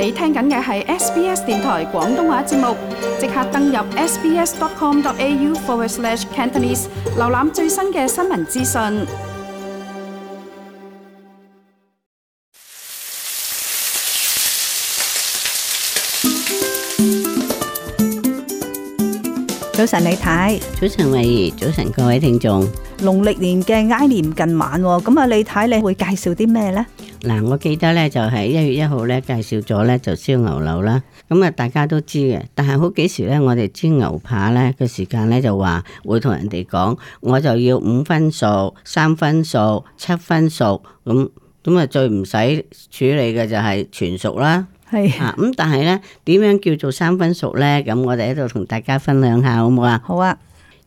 你聽緊嘅係 SBS 電台廣東話節目，即刻登入 sbs.com.au/cantonese 瀏覽最新嘅新聞資訊。早晨，李太。早晨，慧兒。早晨，各位聽眾。農曆年嘅挨年近晚喎，咁啊，李太，你會介紹啲咩呢？.嗱，我記得咧就係、是、一月一號咧介紹咗咧就燒牛柳啦，咁、嗯、啊大家都知嘅。但係好幾時咧我哋煎牛扒咧個時間咧就話會同人哋講，我就要五分熟、三分熟、七分熟。咁咁啊最唔使處理嘅就係全熟啦。係是啊，咁、嗯、但係咧點樣叫做三分熟咧？咁我哋喺度同大家分享下好唔好？好啊？好啊。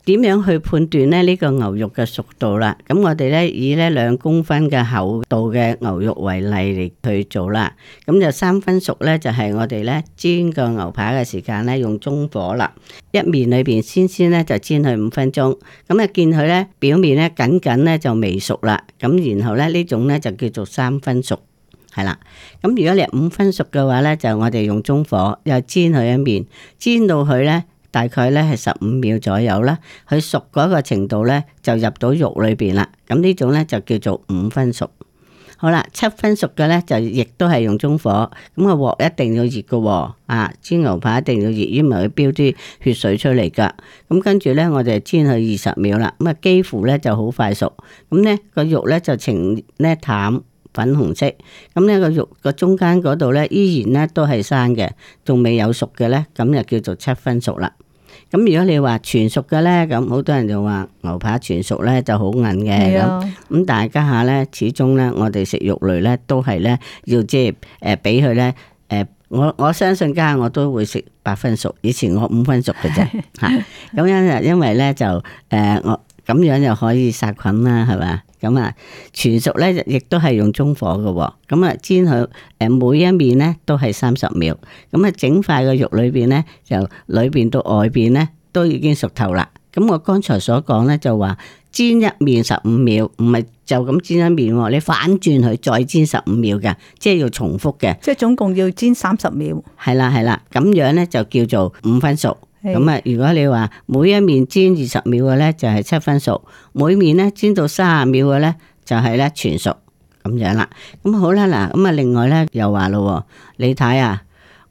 點樣去判斷咧呢、這個牛肉嘅熟度啦？咁我哋咧以咧兩公分嘅厚度嘅牛肉為例嚟去做啦。咁就三分熟咧，就係、是、我哋咧煎個牛扒嘅時間咧用中火啦。一面裏邊先先咧就煎佢五分鐘。咁啊見佢咧表面咧僅僅咧就未熟啦。咁然後咧呢種咧就叫做三分熟，係啦。咁如果你五分熟嘅話咧，就我哋用中火又煎佢一面，煎到佢咧。大概咧係十五秒左右啦，佢熟嗰個程度咧就入到肉裏邊啦。咁呢種咧就叫做五分熟。好啦，七分熟嘅咧就亦都係用中火，咁個鑊一定要熱噶、哦，啊煎牛扒一定要熱，因為佢飆啲血水出嚟噶。咁跟住咧，我哋煎佢二十秒啦，咁啊幾乎咧就好快熟。咁咧個肉咧就呈咧淡粉紅色，咁呢個肉個中間嗰度咧依然咧都係生嘅，仲未有熟嘅咧，咁就叫做七分熟啦。咁如果你話全熟嘅咧，咁好多人就話牛扒全熟咧就好韌嘅咁。咁但係家下咧，始終咧，我哋食肉類咧都係咧，要即係誒，俾佢咧，誒，我我相信家下我都會食八分熟。以前我五分熟嘅啫，吓咁就因為咧就誒、呃，我咁樣又可以殺菌啦，係咪？咁啊，全熟咧亦都係用中火嘅，咁啊煎佢誒，每一面咧都係三十秒，咁啊整塊嘅肉裏邊咧，由裏邊到外邊咧都已經熟透啦。咁我剛才所講咧就話煎一面十五秒，唔係就咁煎一面，你反轉佢再煎十五秒嘅，即係要重複嘅，即係總共要煎三十秒。係啦，係啦，咁樣咧就叫做五分熟。咁啊！如果你話每一面煎二十秒嘅咧，就係七分熟；每面咧煎到三十秒嘅咧，就係咧全熟咁樣啦。咁好啦，嗱，咁啊，另外咧又話咯喎，你睇下。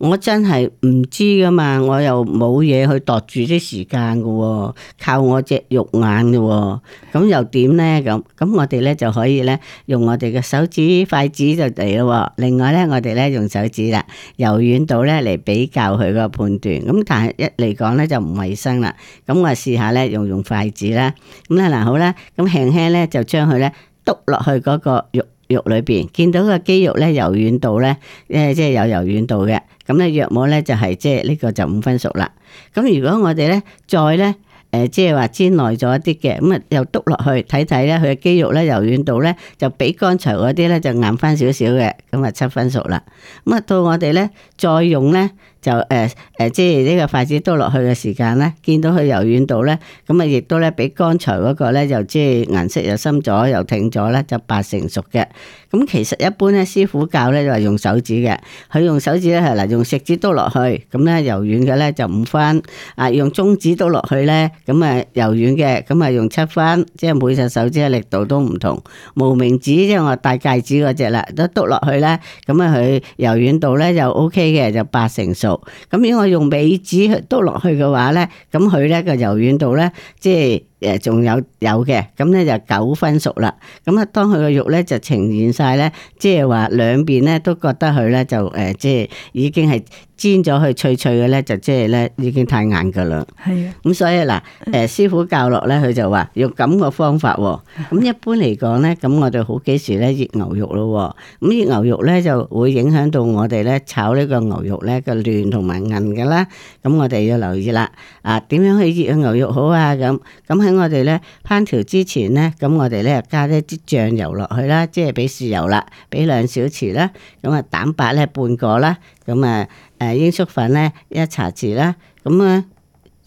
我真係唔知噶嘛，我又冇嘢去度住啲時間噶喎、哦，靠我隻肉眼噶喎、哦，咁又點呢？咁？咁我哋咧就可以咧用我哋嘅手指筷子就嚟咯、哦。另外咧，我哋咧用手指啦，柔軟度咧嚟比較佢個判斷。咁但係一嚟講咧就唔衞生啦。咁我試下咧用用筷子啦。咁咧嗱，好啦，咁輕輕咧就將佢咧篤落去嗰個肉。肉裏邊見到個肌肉咧柔軟度咧，誒即係有柔軟度嘅，咁咧約莫咧就係即係呢個就五分熟啦。咁如果我哋咧再咧誒、呃、即係話煎耐咗一啲嘅，咁啊又篤落去睇睇咧，佢嘅肌肉咧柔軟度咧就比剛才嗰啲咧就硬翻少少嘅，咁啊七分熟啦。咁啊到我哋咧再用咧。就誒誒、呃，即係呢個筷子篤落去嘅時間咧，見到佢柔軟度咧，咁啊，亦都咧比剛才嗰個咧，又即係顏色又深咗，又挺咗咧，就八成熟嘅。咁其實一般咧，師傅教咧就係用手指嘅，佢用手指咧係嗱用食指篤落去，咁咧柔軟嘅咧就五分；啊用中指篤落去咧，咁啊柔軟嘅，咁啊用七分，即係每隻手指嘅力度都唔同。無名指即係、就是、我戴戒指嗰隻啦，都篤落去咧，咁啊佢柔軟度咧就 OK 嘅，就八成熟。咁如果我用尾指去篤落去嘅話咧，咁佢咧個柔軟度咧，即係。誒仲有有嘅，咁咧就九分熟啦。咁啊，當佢個肉咧就呈現晒咧，即係話兩邊咧都覺得佢咧就誒，即係已經係煎咗佢脆脆嘅咧，就即係咧已經太硬噶啦。係啊，咁所以嗱，誒師傅教落咧，佢就話用咁個方法喎。咁一般嚟講咧，咁我哋好幾時咧醃牛肉咯。咁醃牛肉咧就會影響到我哋咧炒呢個牛肉咧個嫩同埋韌噶啦。咁我哋要留意啦。啊，點樣去醃牛肉好啊？咁咁我哋咧烹調之前咧，咁我哋咧加一啲醬油落去啦，即係俾豉油啦，俾兩小匙啦，咁啊蛋白咧半個啦，咁啊誒鷹粟粉咧一茶匙啦，咁啊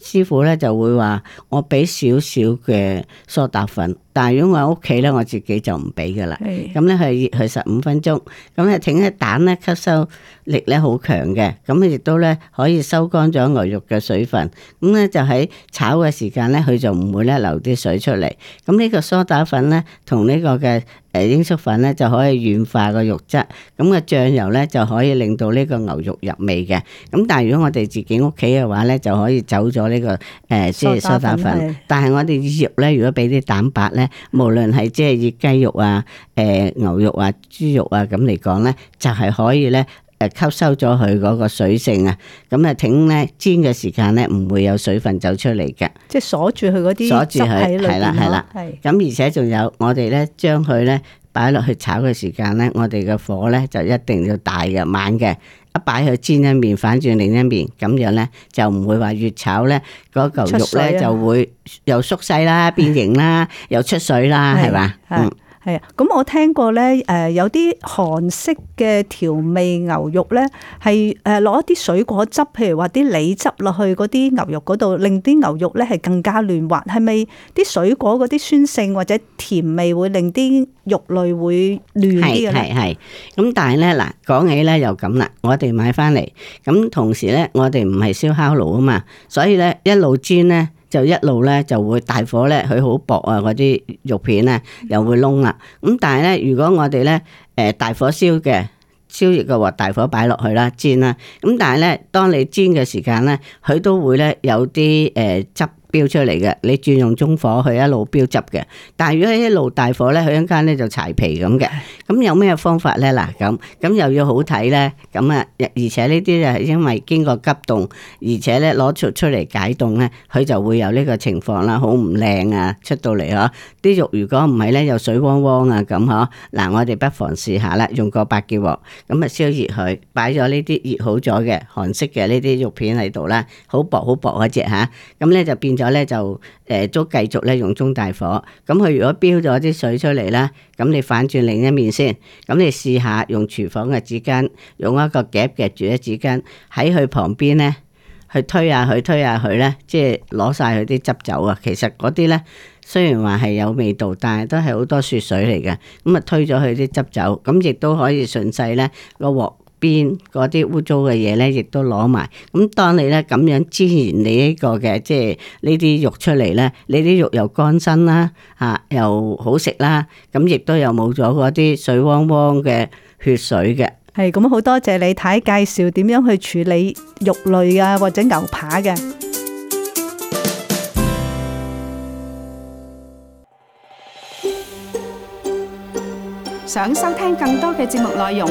師傅咧就會話我俾少少嘅梳打粉。但係如果我喺屋企咧，我自己就唔俾㗎喇。咁咧佢熱佢十五分鐘，咁咧整啲蛋咧吸收力咧好強嘅，咁、嗯、亦都咧可以收乾咗牛肉嘅水分。咁、嗯、咧就喺炒嘅時間咧，佢就唔會咧流啲水出嚟。咁、嗯、呢、這個梳打粉咧同呢個嘅誒鷹粟粉咧就可以軟化個肉質。咁、嗯、個醬油咧就可以令到呢個牛肉入味嘅。咁、嗯、但係如果我哋自己屋企嘅話咧，就可以走咗呢、這個誒即係梳打粉，梳打粉。但係我哋醃咧，如果俾啲蛋白咧。無論係即係熱雞肉啊、誒、呃、牛肉啊、豬肉啊咁嚟講咧，就係、是、可以咧誒吸收咗佢嗰個水性啊，咁啊挺咧煎嘅時間咧唔會有水分走出嚟嘅，即係鎖住佢嗰啲鎖住佢係啦係啦。咁的而且仲有我哋咧將佢咧擺落去炒嘅時間咧，我哋嘅火咧就一定要大嘅猛嘅。一擺佢煎一面，反轉另一面，咁樣咧就唔會話越炒咧嗰嚿肉咧就會又縮細啦、變形啦、又出水啦，係嘛？嗯。係啊，咁我聽過咧，誒有啲韓式嘅調味牛肉咧，係誒攞一啲水果汁，譬如話啲梨汁落去嗰啲牛肉嗰度，令啲牛肉咧係更加嫩滑。係咪啲水果嗰啲酸性或者甜味會令啲肉類會嫩啲嘅？係係。咁但係咧嗱，講起咧又咁啦，我哋買翻嚟，咁同時咧我哋唔係燒烤爐啊嘛，所以咧一路煎咧。就一路咧就會大火咧，佢好薄啊！嗰啲肉片咧又會燶啦。咁但係咧，如果我哋咧誒大火燒嘅，燒熱嘅話，大火擺落去啦煎啦。咁但係咧，當你煎嘅時間咧，佢都會咧有啲誒、呃、汁。飆出嚟嘅，你轉用中火佢一路飆汁嘅。但係如果一路大火呢，佢一陣間咧就柴皮咁嘅。咁有咩方法呢？嗱，咁咁又要好睇呢。咁啊，而且呢啲就係因為經過急凍，而且呢攞出出嚟解凍呢，佢就會有呢個情況啦，好唔靚啊，出到嚟嗬。啲肉如果唔係呢，又水汪汪啊咁嗬。嗱、啊，我哋不妨試下啦，用個百潔鑊咁啊，燒熱佢，擺咗呢啲熱好咗嘅韓式嘅呢啲肉片喺度啦，好薄好薄嗰隻吓，咁呢就變咗。我咧就誒都繼續咧用中大火，咁佢如果飆咗啲水出嚟咧，咁你反轉另一面先，咁你試下用廚房嘅紙巾，用一個夾夾住啲紙巾喺佢旁邊咧，去推下佢，推下佢咧，即係攞晒佢啲汁走啊。其實嗰啲咧雖然話係有味道，但係都係好多雪水嚟嘅，咁啊推咗佢啲汁走，咁亦都可以順勢咧個鑊。邊嗰啲污糟嘅嘢咧，亦都攞埋。咁當你咧咁樣煎完你呢個嘅，即係呢啲肉出嚟咧，你啲肉又乾身啦，啊又好食啦。咁亦都又冇咗嗰啲水汪汪嘅血水嘅。係咁好多謝李太介紹點樣去處理肉類啊，或者牛扒嘅。想收聽更多嘅節目內容，